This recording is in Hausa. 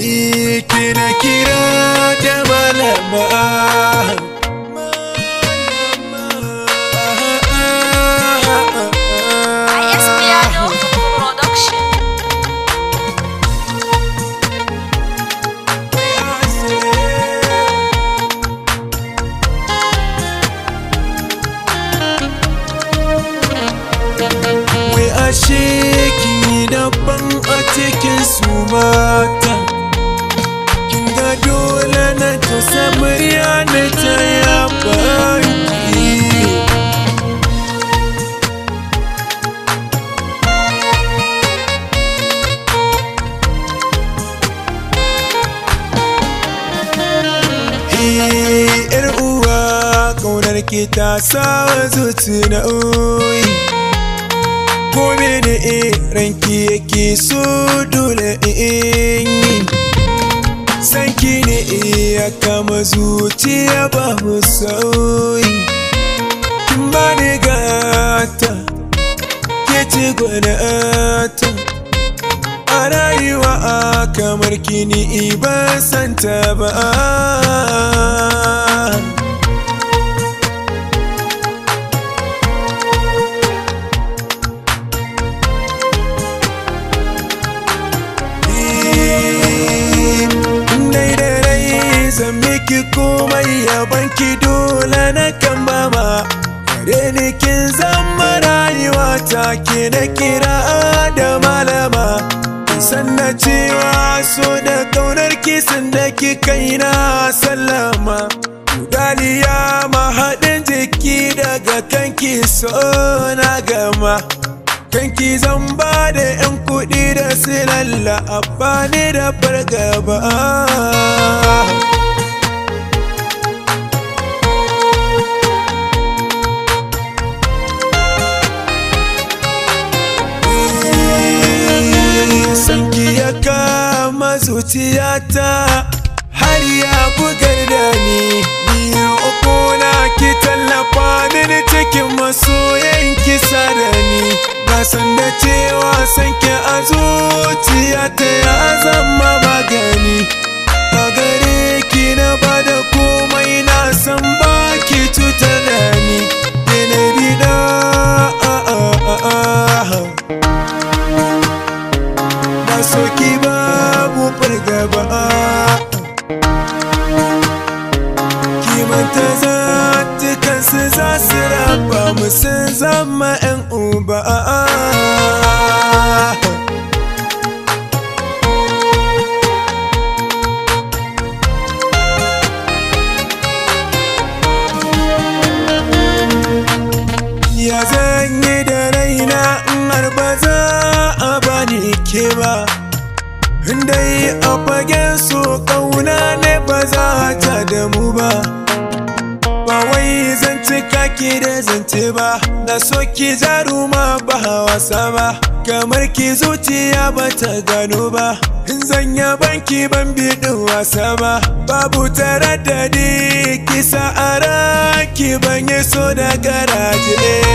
It been a ki ta sawa zuci na uyi ko mene e ki yake so dole in yi ki ne iya e kama zuciya ba mu sauyi kin ba ni gata ke ce gwanata a rayuwa kamar kini ba santa ba komai ya yabanki dole na kan bama Kare ni kin zama rayuwa ta ke na kira da malama San na cewa so da kaunar kisan da ki kai na sallama ma haɗin jiki daga kanki so na gama Kanki zan ba da 'yan kuɗi da silalla a bani da fargaba kuma zuciyata har ya bugar da ni biyu uku na ki tallafa mini cikin masoyan kisa da ni ba san da cewa san ki a zuciyata ya zama magani a gare ki na da komai na san ba gaba kimanta za dukansu za su raba mu sun zama 'yan uba ya yi da raina ɗan har ba za a bani ke ba dai a fagen so ƙauna ne ba za ta damu ba ba wai zance kake da zance ba na so ki jaruma ba wasa ba kamar ki zuciya ba ta gano ba in zanya banki ban bidin wasa ba babu tare da ki sa'ara ki banye so da garaje eh.